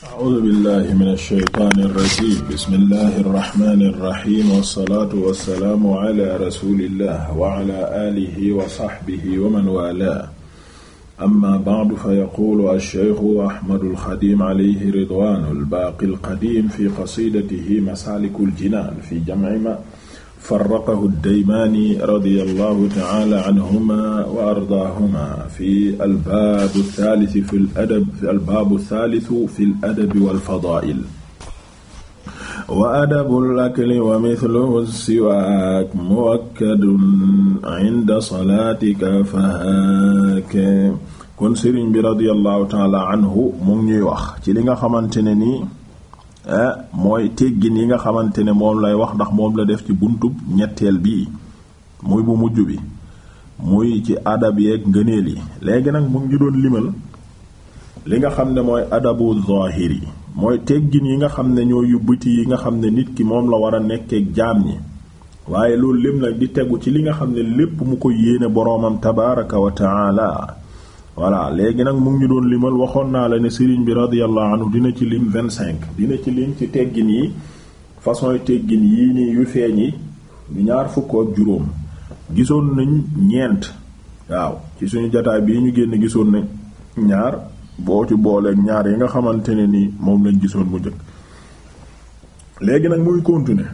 A'uuzu billaahi mina shaytaani rajiim bismillaahi rahmaani rahiim wassalaatu wassalaamu alaa rasuulillaah wa alaa aalihi wa sahbihi wa man waalaah amma ba'du fa yaquulu ash-shaykhu Ahmadul Xadiim alayhi ridwaanul baaqil qadiim fi qasiidatihi masaalikul jinaan fi jam'i ma farraqahu ad-Daymaani radiyallahu ta'ala anhuma wa ardaahuma fi al-baab ath-thaalith fi al-adab fi al-baab ath-thaalith fi al-adab wal-fadaa'il wa adabul akli wa mithluhu siwaak muwakkadun inda salaatika fahaak kon sëriñ bi radiyallahu ta'ala anhu mu ngi ñuy wax ci li nga xamante ne nii Eh, mooy teggin yi nga xamante ne moom lay wax ndax moom la def ci buntub ñetteel bi muy bu mujj bi muy ci adab yeeg ngëneel yi léegi nag mu ngi doon limal li nga xam ne mooy adabu zahir yi mooy teggin yi nga xam ne ñoo yubbiti yi nga xam ne nit ki moom la war a nekkee jaam ñi waaye loolu lim nag di tegu ci li nga xam ne lépp mu ko yéene boroomam tabaraka wa taala voilà léegi nag mu ngi ñu doon limal waxoon naa la ne sëriñ bi radiyallahu anhu dina ci lim vingt cinq dina ci lim ci teggin yi façon teggin yii nii yu feeñ yi ñaar fukk ak juróom gisoon nañ ñeent waaw ci suñu jataay bii ñu génn gisoon nañ ñaar boo ci booleeg ñaar yi nga xamante ne ni moom lañ gisoon bu njëkk léegi nag muy continuer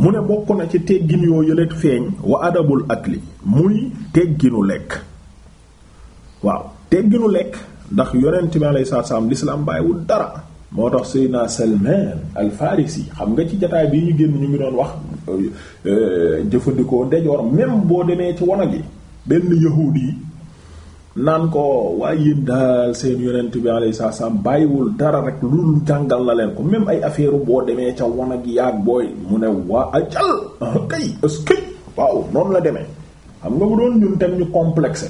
mu ne bokk na ci teggin yoo yëlet feeñ wa adabul akli muy tegginu lekk waaw tegginu lekk ndax yonent bi alayhi salaatu salaam l'islam bàyyiwul dara moo tax Seydina Salman al Farisi xam nga ci jataay bii ñu génn ñu ngi doon wax euh, jëfandikoo ndejoor même boo demee ci wanag yi benn yahuudi yi naan ko waaye yéen daal seen yonent bi alayhi salaatu salaam bàyyiwul dara rek lu jàngal na leen ko même ay affaire boo demee ca wanag yi yaag booy mu ne waa ajal ah, kay est waaw noonu la demee xam nga bu doon ñun tam ñu complexé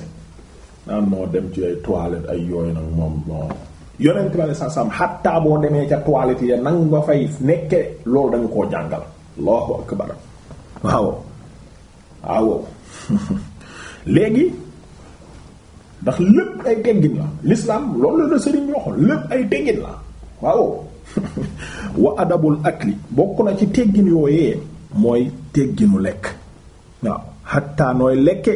naan moo dem ci ay toilette ay yooyu nag moom bon yonent bi sa sam xattaa boo demee ca toilette ya nang nga fay nekke loolu dañu koo jàngal allahu akbar waaw waaw léegi ndax ay teggin la l'islam loolu la sëriñ bi lépp ay teggin la waaw wa adabul akli bokk na ci teggin yooyee mooy tegginu lekk waaw xattaa nooy lekke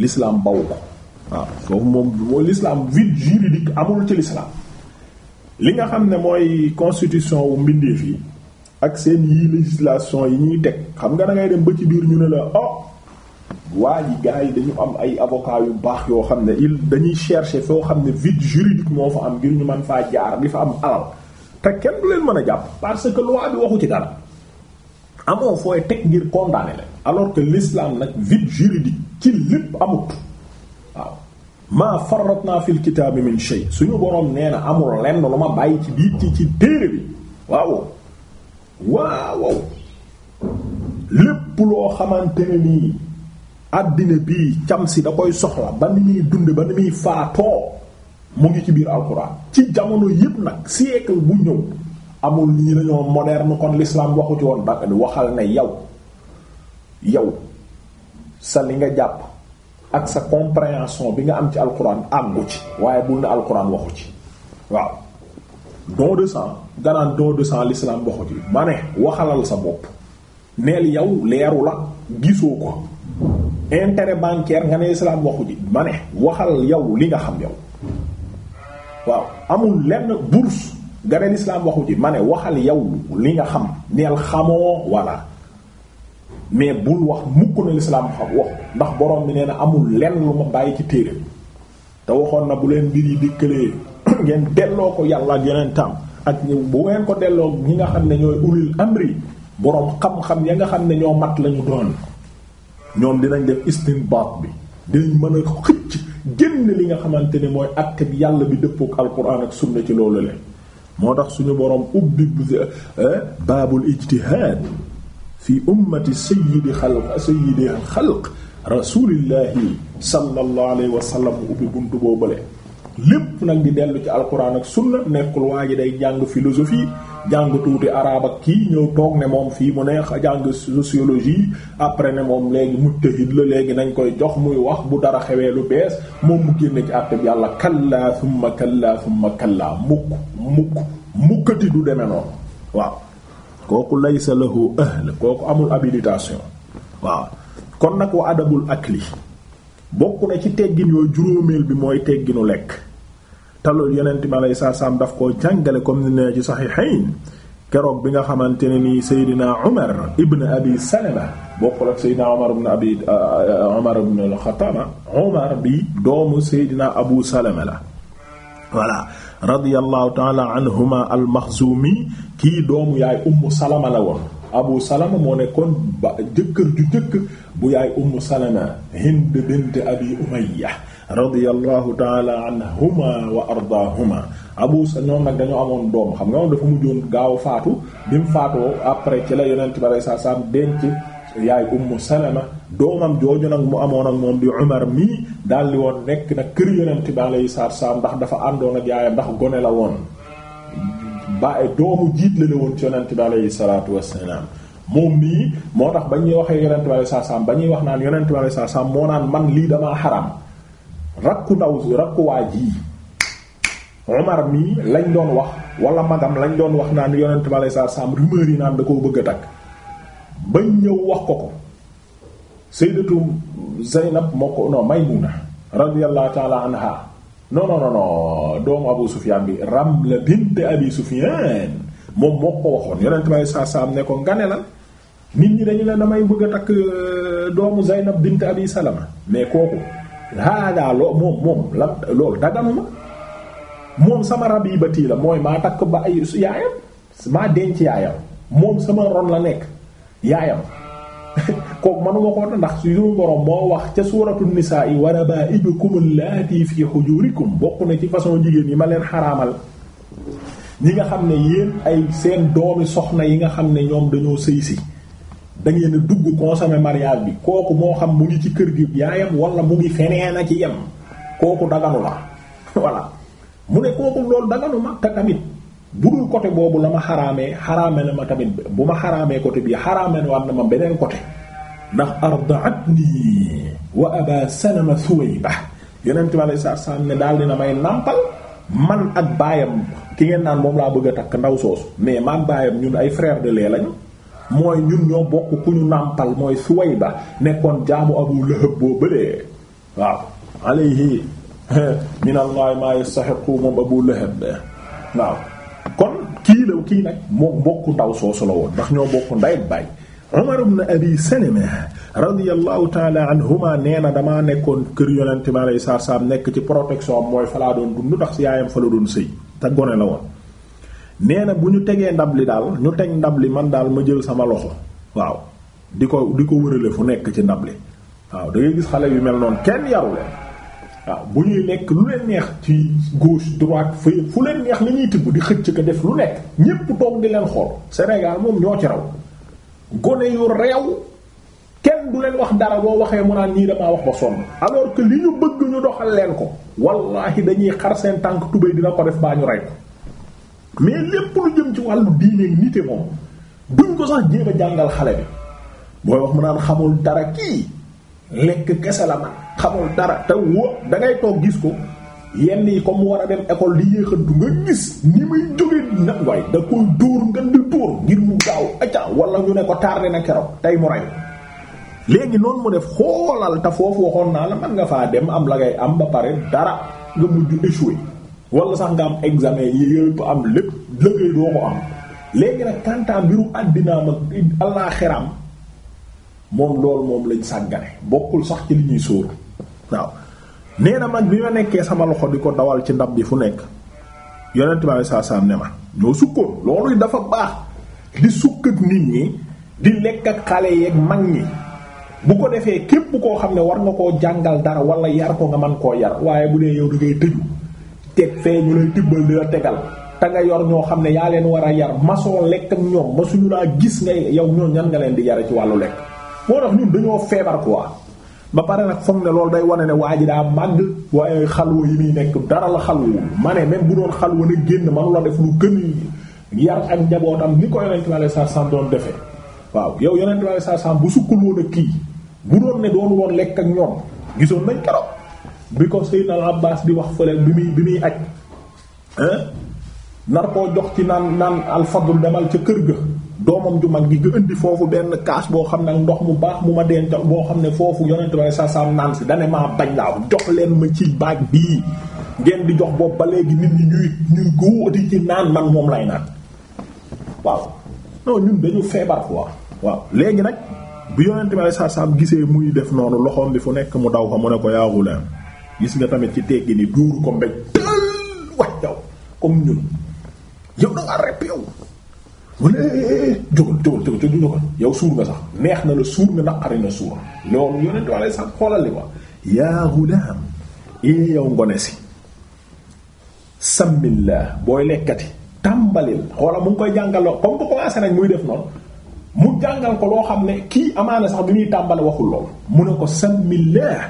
l'islam bawu ko waaw foofu moom mooy l'islam vide juridique amul ci l'islam li nga xam ne mooy constitution wu mbindeef yi ak seen yii législation yi ñuy teg xam nga da ngay dem ba ci biir ñu ne la oh waa ji gars yi dañu am ay avocat yu baax yoo xam ne il dañuy chercher foo xam ne vide juridique moo fa am ngir ñu man faa jaar bi fa am alal te kenn du leen mën a jàpp parce que loi bi waxu ci dara amoo fooy teg ngir condamner leen alors que l'islam nag vide juridique ci lépp maa farratna fil kitaabi min shay suñu boroom nee na amul lenn lu ma bàyyi ci biir ci ci téere bi waaw waaw lépp loo xamante nii àddina bi cam si da koy soxla ba ni muy dund ba ni muy faatoo mu ngi ci biir alxuraan ci jamono yépp nag siècle bu ñëw amul nii dañoo moderne kon l'islam waxu ci woon ba waxal ne yow yow sa li nga jàpp ak sa compréhension bi nga am ci alquran àggu ci waaye bul na alquran waxu ci waaw don de sang ganaan don de sang l'islam waxu ci ma ne waxalal sa bopp neel yow leeru la gisoo ko intérêt bancaire nga ne islam waxu ji ma ne waxal yow li nga xam yow waaw amul lenn bourse nga ne islam waxu ji ma ne waxal yow li nga xam neel xamoo walla mais bul wax mukk na lislaam xam wax ndax borom bi nee na amul lenn lu ma bàyyi ci téere te waxoon na bu leen mbir yi dikkalee ngeen delloo ko yàlla ak yeneen tam ak bu ngeen ko delloo ñi nga xam ne ñooy ulil amri boroom xam-xam ya nga xam ne ñoo mat lañu doon ñoom dinañ def istinbaat bi dinañ mën a xëcc génn li nga xamante ne mooy ak bi yàlla bi dëppook alquran ak sunna ci loolu leen moo tax suñu boroom ubbi babul eh, ijtihad fi ummati sayyidi xalq sayyidi xalq rasulillahi sallallahu alayhi wa sallam mu ubbi buntu lépp nag di dellu ci alquran ak sunna nekkul waa ji day jàng filosofi jàng tuuti araab kii ñëw toog ne moom fii mu neex jàng sociologie après ne moom léegi mujtahid la léegi nañ koy jox muy wax bu dara xewee lu bees moom mu génne ci àtte bi yàlla kallaa summa kallaa summa kallaa mukk mukk mukkati du deme noonu waaw kooku laysa lahu ahl kooku amul habilitation waaw kon nag wa adabul akli bokk na ci teggin yooyu juróomeel bi mooy tegginu lekk te loolu yonent bi alayhi salaam ko jàngale comme ni ne ci saxiixayn keroog bi nga xamante ne nii Seydina Umar ibn Abi Salama bokkul ak Seydina Umar ibn Abi Umar ah, ah, ibn al-Khattab Umar bi doomu Seydina Abu Salama la voilà. radiyallahu taala anhuma al-Maxzumi kii doomu yaay ummu salama la woon abu salama moo nekkoon ba jëkkër ju jëkk bu yaay ummu salama hind bint abi umayya radiyallahu taala anhuma wa ardaahuma abu sa ñoom nag dañoo amoon doom xam nga moom dafa mujjoon gaaw faatu bi mu faatoo après ci la yonent bi sallallahu alayhi denc yaay ummu salama doomam jooju nag mu amoon ak moom di umar mii daldi woon nekk nag kër yonent bi alayhi salaatu saam ndax dafa àndoon ak yaayam ndax gone la woon ba doomu jiit la la woon ci yonent bi alayhi salaatu wassalaam moo tax ba ñuy waxee yonent bi alayhi ñuy wax naan yonent bi alayhi salaatu salaam moo naan man lii damaa xaram rakku ndaw rakku waa ji umar mii lañ doon wax wala magam lañ doon wax naan yonent bi alayhi salaatu salaam rumeur yi naan da koo bëgg a takk ba ñëw wax ko ko sayyidatu Zaynab moo ko non Maymuna radiyallahu ta'ala anha non non doomu Abu Sufyan bi Ramla bint Abi Sufyan moom moo ko waxoon yonent bay saa saam ne ko nga ne nit ñi dañu ne damay bëgg a takk euh, doomu Zaynab bint Abi Salama mais kooku haadaa loo moom moom loolu daganuma moom sama rab yi ba tii mooy maa takk ba ay yaayam maa denc yaayam moom sama ron la nekk yaayam kooku manuma ko ndax suñu borom moo wax ca suuratu nisaa yi war wa rabaa'ibukum allaati fi hujurikum bokk na ci façon jigéen yi ma leen xaraamal ñi nga xam ne yéen ay seen doomi soxna yi nga xam ne ñoom dañoo sëy si da ngeen a dugg consommer mariage bi kooku moo xam mu ngi ci kër gi yaayam wala mu ngi feneen a ci yem kooku daganu la voilà mu ne kooku loolu daganu ma te tamit bu dul côté boobu la ma xaraamee xaraame na ma tamit bu ma xaramee côté bii xaraame na na ma beneen côté ndax ardaatni wa aba salama suwayba yonent bi alayhi salaatu salaam ne daal dina may nàmpal man ak baayam ki ngeen naan moom laa bëgg a takk ndaw soosu mais maag baayam ñun ay frère de lait lañu mooy ñun ñoo bokk ku ñu nàmpal mooy ba nekkoon jaamu abu lahab boo bëlee waaw alayhi min allahi ma yastahiqu moom abu lahab waaw la kii nag moo bokk ndaw soosu la woon ndax ñoo bokk nday baay Umar ibn Abi Salama radiyallahu taala anhuma nee na damaa nekkoon kër yonente bi alayhi salaatu salaam nekk ci protection am mooy falaa doon dund ndax yaayam fa la doon sëy te gone la woon nee na bu ñu tegee ndab li daal ñu teg ndab li man daal ma jël sama loxo waaw di ko di ko wërale fu nekk ci ndab li waaw da gis xale yu mel noonu kenn yaru leen waaw bu ñuy lekk lu leen neex ci gauche droite fa fu leen neex la ñuy tibb di xëcc ko def lu nekk ñépp toog di leen xool Sénégal moom ñoo ci raw gone yu reew kenn du leen wax dara boo waxee mu naan ñii damaa wax ba sonn alors que li ñu bëgg ñu doxal leen ko wallahi dañuy xar seen tànk tubéy dina ko def baa ñu rey ko mais lépp lu jëm ci wàllu diine nite moom duñ ko sax jéem a jàngal xale bi booy wax mu naan xamul dara kii lekk kese la man xamul dara te wó da toog gis ko yenn yi mu war a dem école di yéexantu nga gis ni muy jógee nag waay da koy dóor nga di dóor ngir mu gaaw acca wala ñu ne ko tardé na keroog tey mu rey léegi noonu mu def xoolal te foofu waxoon naa la man nga faa dem am la ngay am ba pare dara nga mujj échoué wala sax nga am examen yi am lépp lëgëy doo ko am léegi nag kantaa mbiru àddinaam ak allaaxiraam moom loolu moom lañ sàggane bokkul sax ci li ñuy waaw nee na mag bi ma nekkee sama loxo di ko dawal ci ndab bi fu nekk yonent bi saa saa ne ma ñoo sukkoon loolu dafa baax di sukk ak nit ñi di lekk ak xale yeeg mag ñi bu ko defee képp koo xam ne war nga koo jàngal dara wala yar ko nga man koo yar waaye bu dee yow da ngay tëju teg fee ñu lay tibbal di la tegal te nga yor ñoo xam ne yaa leen war a yar masoo lekk ak ñoom suñu laa gis ngay yow ñoo ñan nga leen di yara ci wàllu lekk moo dañoo feebar quoi ba pare nag foog ne loolu day wane ne waa ji daa màgg waaye xalwa yi muy nekk dara la xalwa ma ne même bu doon xalwa na génn manu la def lu gën yar ak njabootam ni ko yonent bi sallallahu doon defee waaw yow yonent bi sallallahu alayhi wasallam bu sukkul woon ak kii bu doon ne doon woon lekk ak ñoom gisoon nañ keroog bi ko Sayyid al Abbas di wax fële bi muy bi muy aj nar koo jox ci naan naan al demal ca kër ga doomam ju mag gi nga indi foofu benn kaas boo xam ne ndox mu baax mu ma dencal boo xam ne foofu yonent ba sa sam naan si dane maa bañ laaw jox leen ma ci baag bii ngeen di jox boobu ba léegi nit ñi ñuy ñuy góodi man moom lay naan waaw dañu feebar quoi waaw léegi nag bu yonent ba sa gisee muy def noonu loxoom bi fu nekk mu daw ko mu ne ko yaa ghulam gis nga tamit ci teggi ni duuru ko mbéj tël wax yow comme ñun yow da nga yow mu ne eh, eh, eh, jógal jógal jógal te du jógal yow suur nga sax neex na la suur nga naqari na suur loolu yonentu Yàlla sax xoolal li ko yaa gulaam ee yow ngone si samillah booy lekkati tàmbalil xoola mu koy jàngal loo comme ko commencé nañ muy def noonu mu jàngal ko loo xam ne kii amaana sax bi muy tàmbale waxul lool mu ne ko samillah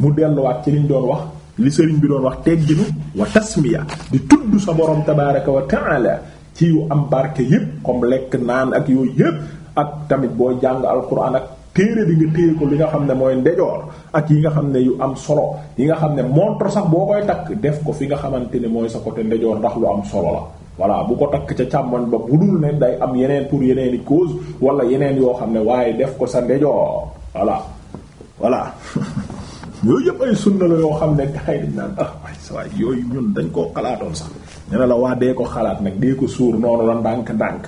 mu delluwaat ci liñ doon wax li sëriñ bi doon wax tegginu wa tasmiya di tudd sa borom tabaaraka wa ta'ala ci yu am barke yépp comme lekk naan ak yooyu yépp ak tamit boo jàng alquran ak téere bi nga téere ko li nga xam ne mooy ndejoor ak yi nga xam ne yu am solo yi nga xam ne montre sax boo koy takk def ko fi nga xamante ne mooy sa côté ndejoor ndax lu am solo la voilà bu ko takk ca càmmoñ ba bu dul ne day am yeneen pour yeneen i cause wala yeneen yoo xam ne waaye def ko sa ndejoor voilà voilà yooyu yëpp ay sunna la yoo xam ne gars yi dañ naan ah sa yooyu ñun dañ koo xalaatoon sax ñu ne la wax ko xalaat nag dee ko suur noonu la ndànk-ndànk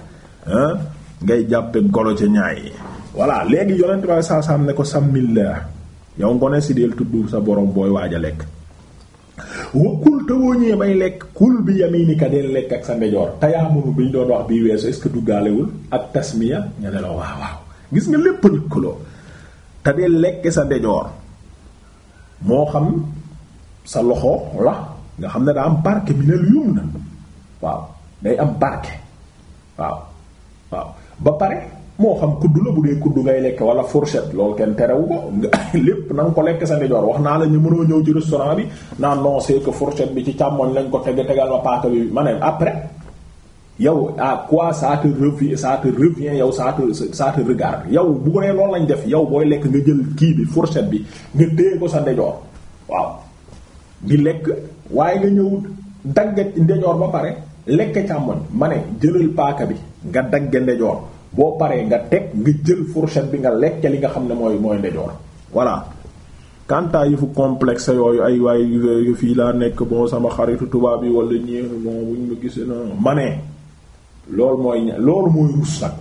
ngay jàppe golo ca ñaay yi léegi yonent ba saasaam ne ko sàmmillah yow ngone si deel tudd sa borom booy waaj a lekk wa kul te woo ñëwee bay lekk kul bi yaminika lekk sa ndejoor tayaamunu bi ñu doon wax bii weesu ak tasmiya ñu waaw gis nga lépp lëkkaloo te deel lekk sa ndejoor moo xam sa loxo la nga xam ne daa barke bi yum na waaw day am barke waaw waaw ba pare moo xam kudd la bu dee kuddu ngay lekk wala fourchette loolu kenn terewu ko lépp na ko lekk sa ndijoor wax naa la ñu mënoo ñëw ci bi naan non c'est que fourchette ci càmmoñ lañ ko teg tegal ma paaka ma ne après yow à quoi ça te revient ça yow ça te ça yow bu ko nee loolu def yow booy lekk nga jël kii bi fourchette bi nga téye ko sa ndijoor waaw di lekk waaye nga ñëw daggat ndijoor ba pare. lekk càmmoñ ma ne jëlal paaka bi nga dagge ndejoor boo paree nga teg nga jël fourchette bi nga lekk li nga xam ne mooy mooy ndejoor voilà kantaa yëfu complexe yooyu ay waay yu fii laa nekk bon sama xaritu tubaab yi wala ñeex bon buñ ma gisee na ma loolu mooy loolu mooy rus nag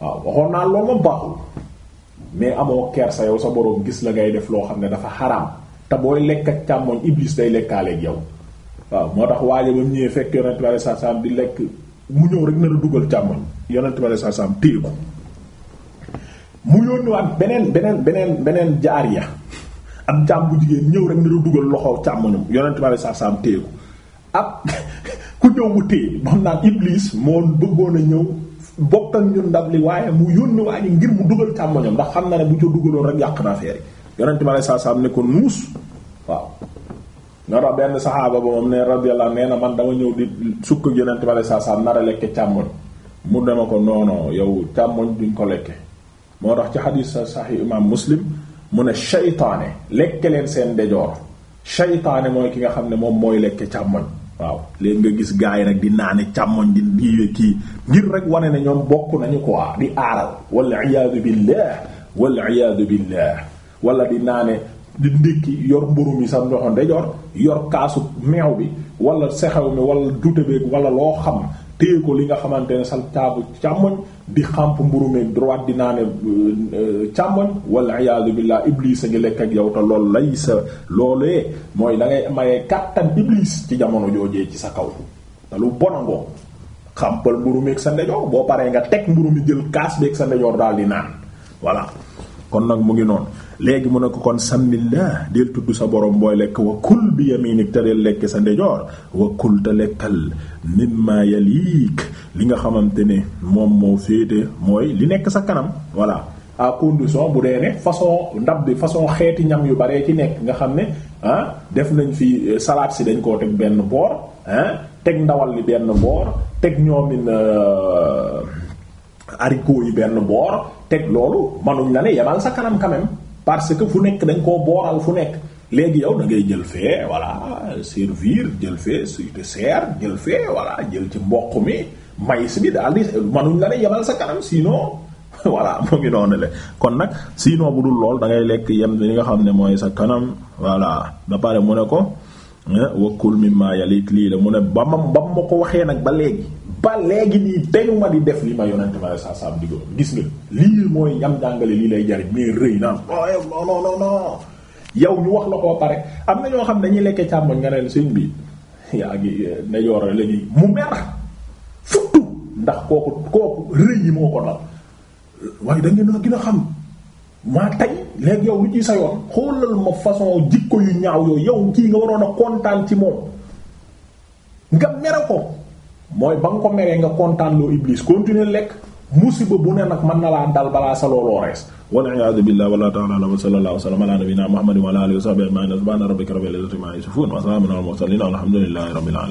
waaw waxoon naa loolu moom baaxul mais amoo kersa yow sa boroom gis la ngay def loo xam ne dafa xaraam te booy lekk ak càmmoñ iblis day lekkaaleeg yow waaw moo tax waaja ba mu ñëwee fekk yonent bi sallallahu alayhi di lekk mu ñëw rek na dugal càmmoñ yonent bi sallallahu alayhi wasallam téye ko mu yónniwaat beneen beneen beneen beneen jaariya ab jaam bu jigéen ñëw rek na dugal loxo càmmoñam yonent bi sallallahu alayhi wasallam téye ko ab ku ñëw mu téye bam naan Iblis moo bëggoon a ñëw bokk ak ñun ndab li waaye mu yónni waaji ngir mu dugal càmmoñam ndax xam na ne bu ca dugaloon rek yàq na affaire yi yonent bi sallallahu alayhi wasallam ne ko nuus waaw na tax benn saxaaba ba moom ne radiyallahu nee na man dama ñëw di sukk ak yonent a sallallahu alayhi wasallam lekke càmmoñ mu dema ko noono yow càmmoñ duñ ko lekke moo tax ci xadiis sahih imam muslim mu ne shaytaane lekke leen seen ndejoor shaytaane mooy ki nga xam ne moom mooy lekke càmmoñ waaw léegi nga gis gars yi nag di naane càmmoñ di diwe kii ngir rek wane ne ñoom bokk nañu quoi di aaral wal iyaadu billah wal iyaadu billah wala di naane di ndékki yor mburu mi sa ndoxo ndejoor yor kaasu meew bi wala sexew mi wala dute beeg wala loo xam téye ko li nga xamante ne sa caabu càmmoñ di xàmp mburu mi di naane euh, càmmoñ wala iyasu billah iblis a ngi lekk ak yow te loolu lay sa loolee mooy da ngay mayee kàttan iblis ci jamono joojee ci sa kaw te lu bonangoo xàmpal mburu sa ndejoor boo paree nga teg mburu mi jël kaas beeg sa ndejoor daal di naan voilà kon nag mu ngi noonu léegi mu ne ko kon sammillah del tudd sa borom booy lekk wa kul bi yaminik te del lekk sa ndejoor wa kul te lekkal mimma yaliik li nga xamante ne moom moo féete mooy li nekk sa kanam voilà à condition bu dee ne façon ndab bi façon xeeti ñam yu baree ci nekk nga xam ne ah def nañ fi eh, salaat si dañ koo teg benn boor ah teg ndawal li benn boor teg ñoomin euh, haricot yi benn boor teg loolu manuñ la ne yemal sa kanam quand parce que fu nekk dañ koo booral fu nekk léegi yow da ngay jël fee voilà servir jël fee suy te seer jël fee voilà jël ci mboq mi maïs bi daal di manuñ la ne yemal sa kanam sinon voilà mu ngi noonu le kon nag sinon bu dul lool da ngay lekk yem li nga xam ne mooy sa kanam voilà ba pare mu ne ko. Ah, wakul mimma yalik lii la mu ne ba ma ba ma ko waxee nag ba léegi ba léegi nii dañu ma di def li ma yonent ma saa saa digoo gis nga lii mooy yam jàngale lii lay jariñ mais rëy naan ah, non non non non yow ñu wax la ko pare am na ñoo xam ne dañuy lekkee càmmoñ nga ne sëñ bi yaa ngi eh, nejoor la ñuy mu mer futtu ndax kooku kooku rëy yi moo ko dal waaye da ngeen a gën a xam maa tey léegi yow lu ci sa yoon xoolal ma façon jikko yu ñaaw yooyu yow kii nga waroon a kontaan ci moom nga mere ko mooy ba nga ko meree nga kontaan loo continuer lekk musiba bu ne nag mën na laa dal balaa sa looloo rees waliyasu billah wala taala alam wa sallallahu wasallam ala nabina muhammadin wa ala alihi wa sahbihi ajma'in subhana rabbika rabbil izzati amma yasifun wa alhamdulillahi rabbil alamin